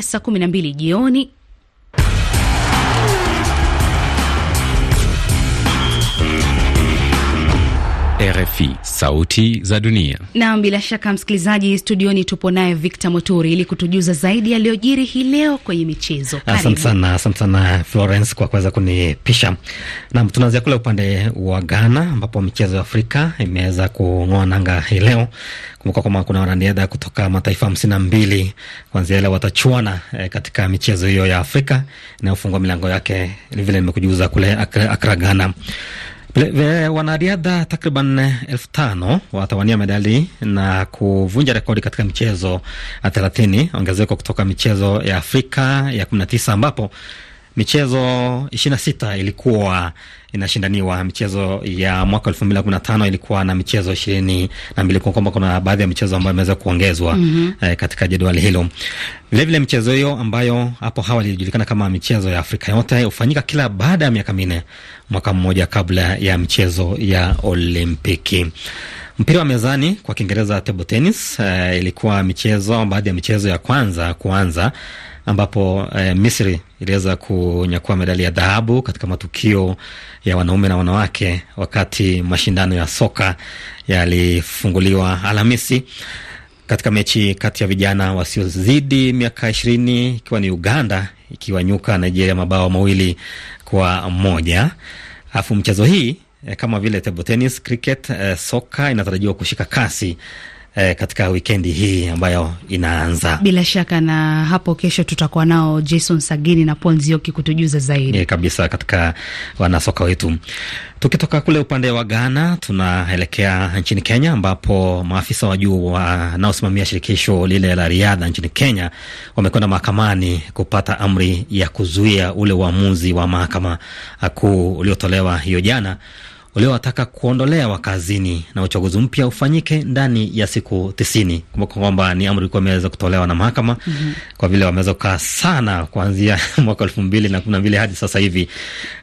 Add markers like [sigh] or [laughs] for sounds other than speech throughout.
ya saa 12 jioni RFI, sauti za dunia. Naam, bila shaka msikilizaji, studioni tupo naye Victor Moturi ili kutujuza zaidi yaliyojiri hii leo kwenye michezo. Asante sana, asante sana Florence kwa kuweza kunipisha. Naam, tunaanzia kule upande wa Ghana ambapo michezo ya Afrika imeweza kung'oa nanga hii leo. Kumbuka kwamba kuna wanariadha kutoka mataifa hamsini na mbili kuanzia leo watachuana eh, katika michezo hiyo ya Afrika inayofungua milango yake, vile nimekujuza kule Akra, Akra Wanariadha takriban elfu tano watawania medali na kuvunja rekodi katika michezo thelathini, ongezeko kutoka michezo ya Afrika ya kumi na tisa ambapo michezo ishirini na sita ilikuwa inashindaniwa. Michezo ya mwaka elfu mbili na kumi na tano ilikuwa na michezo ishirini na mbili kwa kwamba kuna baadhi ya michezo ambayo imeweza kuongezwa mm -hmm. eh, katika jedwali hilo. Vilevile michezo hiyo ambayo hapo awali ilijulikana kama michezo ya Afrika yote hufanyika kila baada ya miaka minne mwaka mmoja kabla ya mchezo ya Olimpiki. Mpira wa mezani kwa Kiingereza table tennis, uh, ilikuwa michezo, baadhi ya michezo ya kwanza kuanza ambapo uh, Misri iliweza kunyakua medali ya dhahabu katika matukio ya wanaume na wanawake, wakati mashindano ya soka yalifunguliwa Alhamisi katika mechi kati ya vijana wasiozidi miaka ishirini ikiwa ni Uganda ikiwanyuka Nigeria mabao mawili kwa moja. Alafu mchezo hii eh, kama vile table tennis, cricket, eh, soka inatarajiwa kushika kasi eh, katika wikendi hii ambayo inaanza bila shaka, na hapo kesho tutakuwa nao Jason Sagini na Paul Nzioki kutujuza zaidi e, kabisa katika wanasoka wetu. Tukitoka kule upande wa Ghana tunaelekea nchini Kenya, ambapo maafisa wa juu wanaosimamia shirikisho lile la riadha nchini Kenya wamekwenda mahakamani kupata amri ya kuzuia ule uamuzi wa mahakama kuu uliotolewa hiyo jana uliowataka kuondolewa kazini na uchaguzi mpya ufanyike ndani ya siku tisini. Kumbuka kwamba ni amri ilikuwa imeweza kutolewa na mahakama mm -hmm. kwa vile wameweza kukaa sana kuanzia [laughs] mwaka elfu mbili na kumi na mbili hadi sasa hivi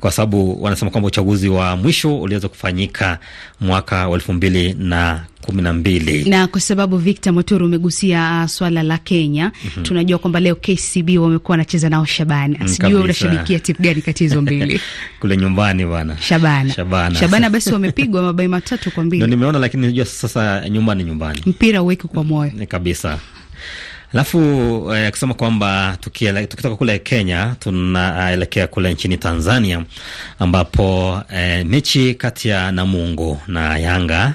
kwa sababu wanasema kwamba uchaguzi wa mwisho uliweza kufanyika mwaka wa elfu mbili na kumi na mbili na kwa sababu Victor Motoro umegusia uh, swala la Kenya mm -hmm. Tunajua kwamba leo KCB wamekuwa wanacheza nao Shabana, mm, sijui unashabikia timu gani kati hizo mbili [laughs] kule nyumbani bwana Shabana. Shabana. Shabana basi [laughs] wamepigwa mabai matatu kwa mbili. Ndio nimeona, lakini najua sasa nyumbani nyumbani mpira uweke kwa moyo kabisa Alafu eh, kusema kwamba tukitoka kule Kenya tunaelekea kule nchini Tanzania ambapo eh, mechi kati ya Namungo na Yanga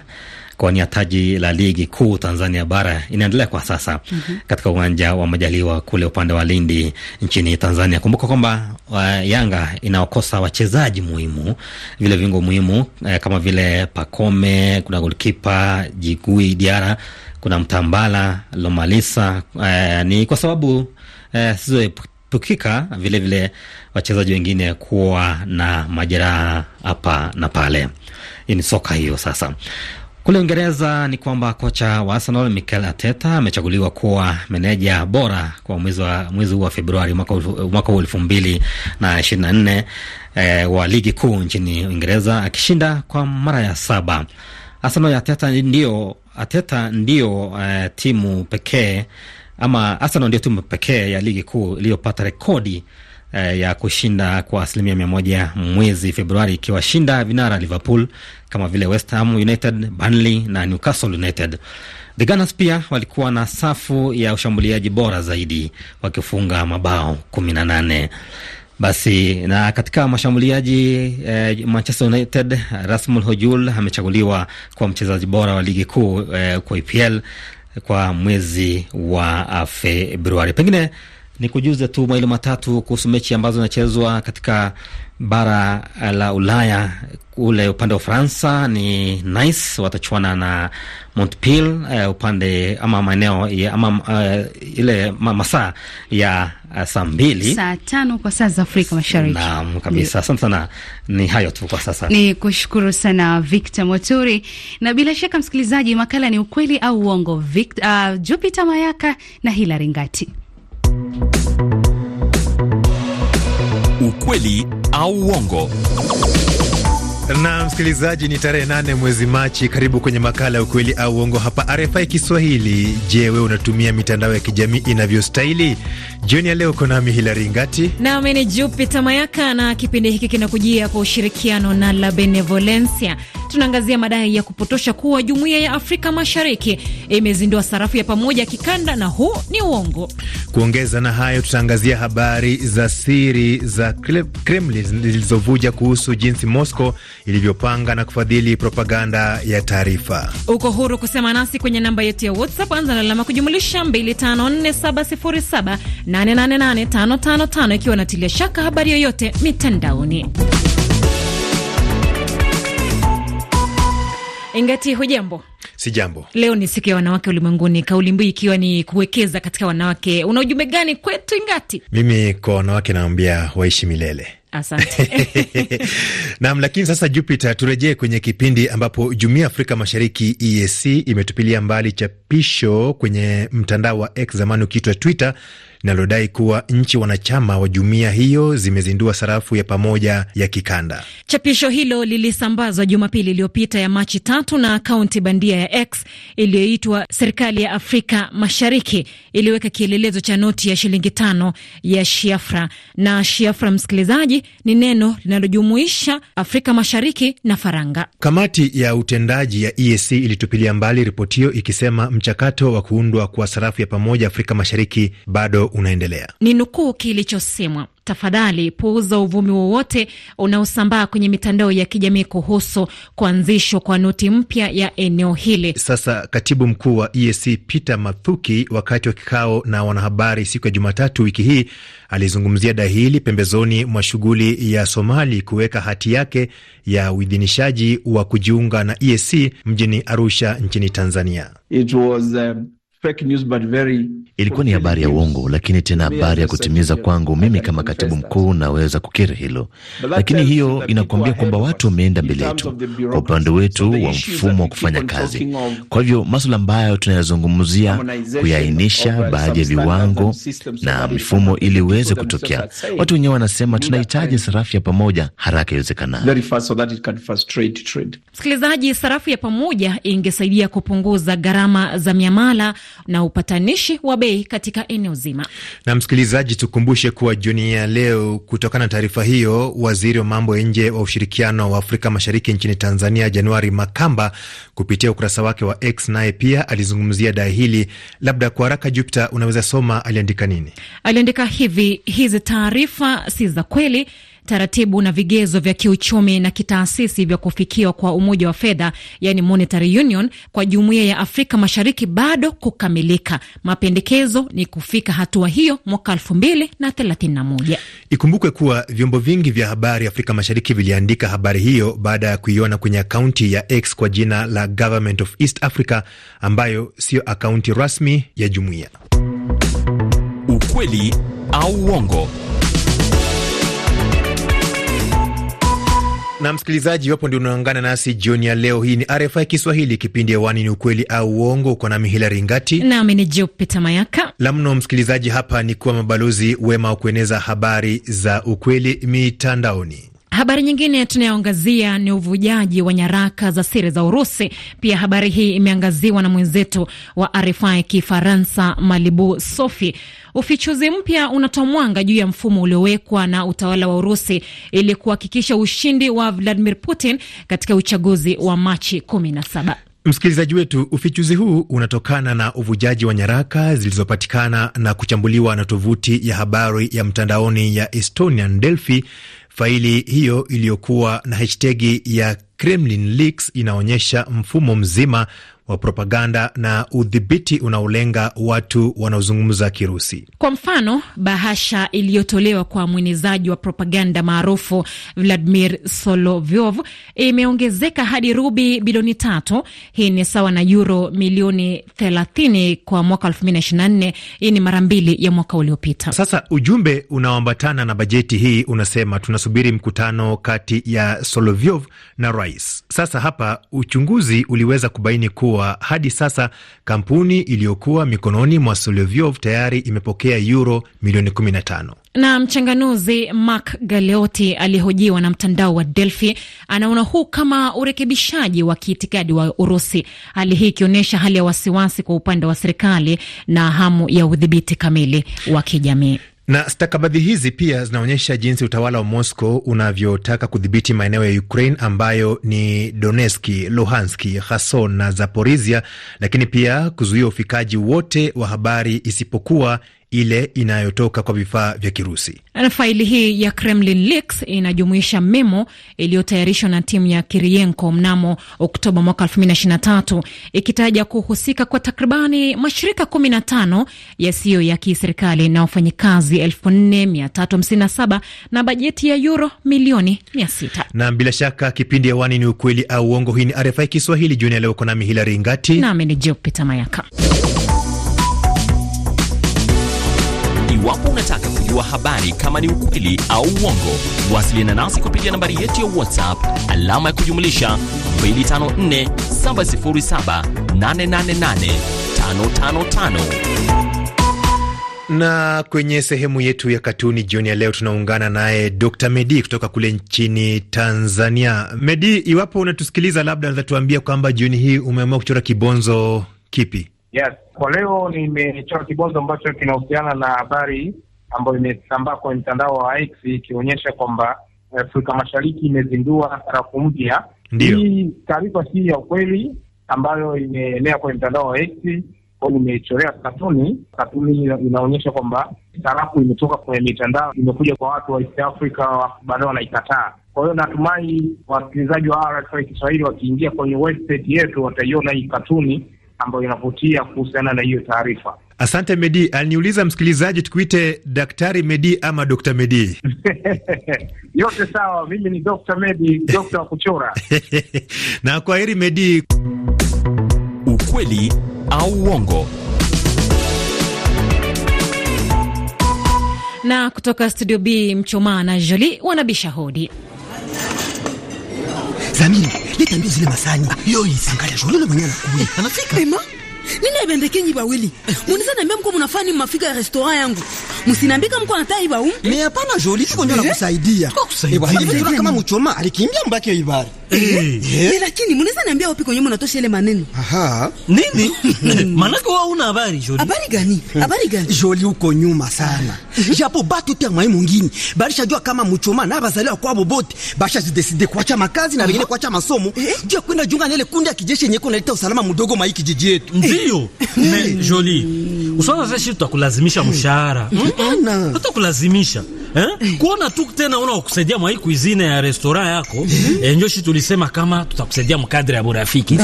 kuwania taji la ligi kuu Tanzania bara inaendelea kwa sasa mm -hmm. katika uwanja wa Majaliwa kule upande wa Lindi nchini Tanzania. Kumbuka kwamba uh, Yanga inaokosa wachezaji muhimu, vile viungo muhimu eh, kama vile Pakome, kuna golkipa Jigui Diara kuna Mtambala Lomalisa. Eh, ni kwa sababu eh, sizoepukika vilevile wachezaji wengine kuwa na majeraha hapa na pale. Hii ni soka hiyo. Sasa kule Uingereza ni kwamba kocha wa Arsenal Mikel Arteta amechaguliwa kuwa meneja bora kwa mwezi huu wa Februari mwaka huu elfu mbili na ishirini na nne eh, wa ligi kuu nchini Uingereza akishinda kwa mara ya saba. Arsenal ya Arteta ndiyo Ateta ndiyo uh, eh, timu pekee ama Arsenal ndio timu pekee ya ligi kuu iliyopata rekodi uh, ya kushinda kwa asilimia mia moja mwezi Februari, ikiwashinda vinara Liverpool kama vile West Ham United, Burnley na Newcastle United. The Gunners pia walikuwa na safu ya ushambuliaji bora zaidi wakifunga mabao kumi na nane. Basi na katika mashambuliaji eh, Manchester United Rasmul Hojul amechaguliwa kwa mchezaji bora wa ligi kuu eh, kwa EPL kwa mwezi wa ah, Februari. Pengine ni kujuze tu mailo matatu kuhusu mechi ambazo zinachezwa katika bara la Ulaya kule upande wa Ufaransa ni Nice watachuana na Montpil uh, eh, upande ama maeneo ama uh, ile masaa ya uh, saa mbili saa tano kwa saa za Afrika Mashariki. Naam kabisa, asante sana. Ni hayo tu kwa sasa, ni kushukuru sana Victor Moturi, na bila shaka msikilizaji, makala ni ukweli au uongo. Victor, uh, ah, Jupiter Mayaka na Hilary Ngati. ukweli au uongo na msikilizaji, ni tarehe nane mwezi Machi. Karibu kwenye makala ya ukweli au uongo hapa RFI Kiswahili. Je, wewe unatumia mitandao ya kijamii inavyostahili? Jioni ya leo uko nami Hilari Ngati nami ni Jupita Mayaka, na kipindi hiki kinakujia kwa ushirikiano na La Benevolencia. Tunaangazia madai ya kupotosha kuwa Jumuiya ya Afrika Mashariki imezindua sarafu ya pamoja kikanda, na huu ni uongo. Kuongeza na hayo, tutaangazia habari za siri za Kremlin zilizovuja kuhusu jinsi Moscow ilivyopanga na kufadhili propaganda ya taarifa. Uko huru kusema nasi kwenye namba yetu ya WhatsApp, anza na alama kujumulisha 254707888555 ikiwa natilia shaka habari yoyote mitandaoni. Ingati, hujambo? Si jambo. Leo ni siku ya wanawake ulimwenguni, kauli mbiu ikiwa ni kuwekeza katika wanawake. Una ujumbe gani kwetu Ingati? Mimi kwa wanawake naambia waishi milele. Asante. [laughs] Naam, lakini sasa Jupiter, turejee kwenye kipindi ambapo Jumuiya Afrika Mashariki EAC imetupilia mbali chapisho kwenye mtandao wa X zamani ukiitwa Twitter linalodai kuwa nchi wanachama wa jumuiya hiyo zimezindua sarafu ya pamoja ya kikanda. Chapisho hilo lilisambazwa Jumapili iliyopita ya Machi tatu na akaunti bandia ya X iliyoitwa Serikali ya Afrika Mashariki iliweka kielelezo cha noti ya shilingi tano ya Shiafra. Na Shiafra, msikilizaji, ni neno linalojumuisha Afrika Mashariki na faranga. Kamati ya utendaji ya EAC ilitupilia mbali ripoti hiyo ikisema mchakato wa kuundwa kwa sarafu ya pamoja Afrika Mashariki bado unaendelea. Ni nukuu kilichosemwa: Tafadhali puuza uvumi wowote unaosambaa kwenye mitandao ya kijamii kuhusu kuanzishwa kwa noti mpya ya eneo hili. Sasa katibu mkuu wa EAC Peter Mathuki, wakati wa kikao na wanahabari siku ya Jumatatu wiki hii, alizungumzia dahili hili pembezoni mwa shughuli ya Somali kuweka hati yake ya uidhinishaji wa kujiunga na EAC mjini Arusha nchini Tanzania. It was, um fake news but very... ilikuwa ni habari ya uongo, lakini tena habari ya kutimiza. Kwangu mimi kama katibu mkuu naweza kukiri hilo, lakini hiyo inakuambia kwamba watu wameenda mbele yetu kwa upande wetu wa mfumo wa kufanya kazi. Kwa hivyo maswala ambayo tunayazungumzia kuyaainisha uh, baadhi ya viwango na mifumo ili iweze kutokea, watu wenyewe wanasema tunahitaji sarafu ya pamoja haraka iwezekanavyo. Msikilizaji, sarafu ya pamoja ingesaidia kupunguza gharama za miamala na upatanishi wa bei katika eneo zima. Na msikilizaji, tukumbushe kuwa jioni ya leo, kutokana na taarifa hiyo, waziri wa mambo ya nje wa ushirikiano wa Afrika Mashariki nchini Tanzania, Januari Makamba, kupitia ukurasa wake wa X, naye pia alizungumzia dai hili. Labda kwa haraka, Jupiter, unaweza soma aliandika nini? Aliandika hivi: hizi taarifa si za kweli taratibu na vigezo vya kiuchumi na kitaasisi vya kufikiwa kwa umoja wa fedha, yani monetary union, kwa jumuiya ya Afrika Mashariki bado kukamilika. Mapendekezo ni kufika hatua hiyo mwaka moja. Ikumbukwe kuwa vyombo vingi vya habari Afrika Mashariki viliandika habari hiyo baada ya kuiona kwenye akaunti ya X kwa jina la Government of East Africa, ambayo siyo akaunti rasmi ya jumuiya. Ukweli au uongo Na msikilizaji, iwapo ndio unaungana nasi jioni ya leo, hii ni RFI Kiswahili, kipindi wani ni ukweli au uongo. Uko nami Hilari Ngati nami ni Jupita Mayaka. La mno msikilizaji, hapa ni kuwa mabalozi wema wa kueneza habari za ukweli mitandaoni. Habari nyingine tunayoangazia ni uvujaji wa nyaraka za siri za Urusi. Pia habari hii imeangaziwa na mwenzetu wa RFI Kifaransa, Malibu Sofi. Ufichuzi mpya unatoa mwanga juu ya mfumo uliowekwa na utawala wa Urusi ili kuhakikisha ushindi wa Vladimir Putin katika uchaguzi wa Machi 17. Msikilizaji wetu, ufichuzi huu unatokana na uvujaji wa nyaraka zilizopatikana na kuchambuliwa na tovuti ya habari ya mtandaoni ya Estonian Delphi Faili hiyo iliyokuwa na hashtegi ya Kremlin leaks inaonyesha mfumo mzima wa propaganda na udhibiti unaolenga watu wanaozungumza Kirusi. Kwa mfano, bahasha iliyotolewa kwa mwenezaji wa propaganda maarufu Vladimir Solovyov imeongezeka hadi rubi bilioni tatu. Hii ni sawa na yuro milioni 30 kwa mwaka 2024. Hii ni mara mbili ya mwaka uliopita. Sasa ujumbe unaoambatana na bajeti hii unasema, tunasubiri mkutano kati ya Solovyov na rais. Sasa hapa uchunguzi uliweza kubaini kuwa kuwa hadi sasa kampuni iliyokuwa mikononi mwa Solovyov tayari imepokea euro milioni 15. Na mchanganuzi Mark galeoti aliyehojiwa na mtandao wa Delphi anaona huu kama urekebishaji wa kiitikadi wa Urusi, hali hii ikionyesha hali ya wasiwasi kwa upande wa serikali na hamu ya udhibiti kamili wa kijamii. Na stakabadhi hizi pia zinaonyesha jinsi utawala wa Moscow unavyotaka kudhibiti maeneo ya Ukraine ambayo ni Donetski, Luhanski, Kherson na Zaporizhia, lakini pia kuzuia ufikaji wote wa habari isipokuwa ile inayotoka kwa vifaa vya Kirusi. Faili hii ya Kremlin Leaks inajumuisha memo iliyotayarishwa na timu ya Kirienko mnamo Oktoba mwaka 2023 ikitaja kuhusika kwa takribani mashirika 15 yasiyo ya kiserikali na wafanyikazi 4357 na bajeti ya euro milioni 600. Na bila shaka kipindi hewani ni ukweli au uongo. Hii ni RFI Kiswahili. Jioni ya leo uko nami Hilari Ngati nami ni Jupita Mayaka. wa habari kama ni ukweli au uongo. Wasiliana nasi kupitia nambari yetu ya WhatsApp alama ya kujumlisha 254 707 888 555 na kwenye sehemu yetu ya katuni jioni ya leo tunaungana naye Dr Medi kutoka kule nchini Tanzania. Medi, iwapo unatusikiliza, labda tuambia kwamba jioni hii umeamua kuchora kibonzo kipi? Yes, kwa leo nimechora kibonzo ambacho kinahusiana na habari ambayo imesambaa kwenye mtandao wa X ikionyesha kwamba eh, Afrika Mashariki imezindua sarafu mpya. Hii taarifa si ya ukweli, ambayo imeenea kwenye mtandao wa X imechorea katuni. Katuni inaonyesha kwamba sarafu imetoka kwenye mitandao, imekuja kwa watu wa East Africa, baadaye wanaikataa. Kwa hiyo natumai wasikilizaji wa RFI Kiswahili wakiingia kwenye website yetu wataiona hii katuni ambayo inavutia kuhusiana na hiyo taarifa. Asante Medi. Aliniuliza msikilizaji tukuite Daktari Medi ama Dokta Medi? [laughs] Yote sawa, mimi ni Dokta Medi, dokta wa kuchora [laughs] na kwa kwaheri Medi. Ukweli au uongo? Na kutoka studio B, Mchomaa na Joli wanabisha hodi. Zamini, leta mbio zile masani. Yoi, Angalia, Joli mwenyewe anafika. Ema? Nini abendekenyi bawili? Munisa niambia mko munafani mafika ya restaurant yangu. musinambika mko anataka iba umu? Ni hapana Jolie, tuko ndio nakusaidia. Ewa, hivi tuna kama muchoma alikimbia mbaki ya ibari Eh. eh. eh lakini munisa na niambia wapi kwenye mnatosha ile maneno? Aha. Nini? [laughs] Hmm. [laughs] Manako wewe una habari joli Habari gani? Eh. Habari gani? joli uko nyuma sana. Japo batu tia mwai mwingine. Barisha jua kama muchoma na bazaliwa kwa bobote. Basha zideside kuacha makazi na wengine kuacha masomo. Jua kwenda junga na ile kundi ya kijeshi nyeko kuna leta usalama mdogo maiki jiji yetu ndio joli Jolie, sasa, shii tutakulazimisha mshahara hmm? hata kulazimisha eh? kuona tu tena una kusaidia mwa kuizine ya restaurant yako eh, njo tulisema kama tutakusaidia mkadri ya burafiki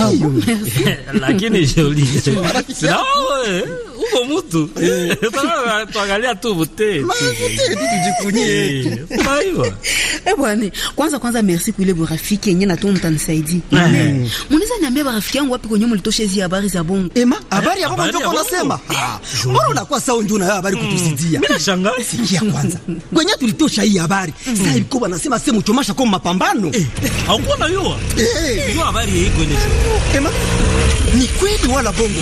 [laughs] lakini Jolie uko mtu [laughs] eh. tuangalia tu bute eh, eh bwana, kwanza kwanza, merci kwa ile burafiki yenye na tu mtanisaidi. Eh. Mnaweza niambia barafiki yangu wapi kwenye mlitosha hizi habari za bongo? Ema, habari hapo ndio kwa nasema. Ah, mbona unakuwa sawa ndio na habari kutusidia? Mm. Mimi nashangaa. Sikia kwanza. [laughs] Kwenye tulitosha hii habari. Mm. Sasa ilikuwa anasema sema uchomasha kwa mapambano. Haukuwa na hiyo? Eh. Hiyo habari hii kwenye. Ema, ni kweli wala bongo?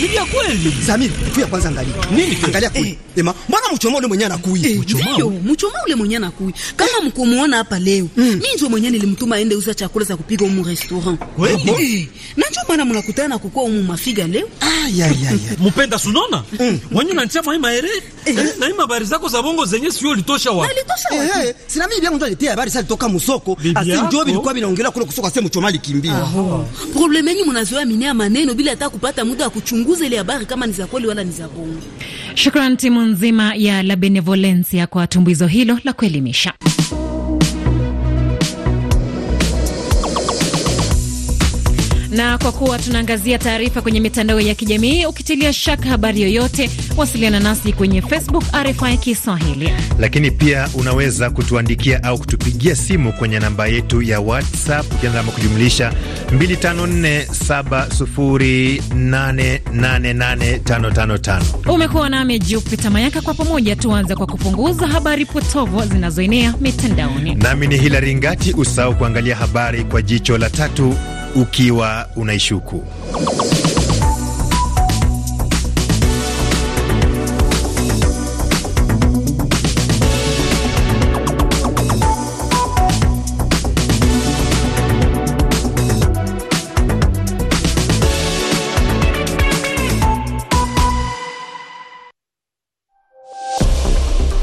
Ni kweli. Zamiri tu ya kwanza, angalia nini, angalia kule ema, mbona mchoma ule mwenyewe anakui? Eh, ndio mchoma ule mwenyewe anakui. Kama eh, mkomuona hapa leo mm, mimi ndio mwenyewe nilimtuma aende uza chakula za kupiga huko restaurant eh, na ndio maana mnakutana kukua huko mafiga leo. Ah, ya ya ya mpenda sunona mm, wanyu na nchama hima ere eh. eh, na hii habari zako za bongo zenye sio litosha wapi? Litosha eh, wapi? Eh, sina mimi bia mtu alitia habari sasa litoka musoko. Asi ndio bilikuwa binaongelea kule kusoka sema mchoma likimbia. Probleme yenyewe mnazoea minia maneno bila hata kupata muda wa kuchunguza ile habari kama ni za kweli viwanda ni za bongo. Shukran timu nzima ya La Benevolencia kwa tumbuizo hilo la kuelimisha. Na kwa kuwa tunaangazia taarifa kwenye mitandao ya kijamii, ukitilia shaka habari yoyote, wasiliana nasi kwenye Facebook RFI Kiswahili. Lakini pia unaweza kutuandikia au kutupigia simu kwenye namba yetu ya WhatsApp ukianza ama kujumlisha 254707888555. Umekuwa nami Jupita Mayaka, kwa pamoja tuanze kwa kupunguza habari potovu zinazoenea mitandaoni. Nami ni Hilari Ngati. Usahau kuangalia habari kwa jicho la tatu ukiwa unaishuku.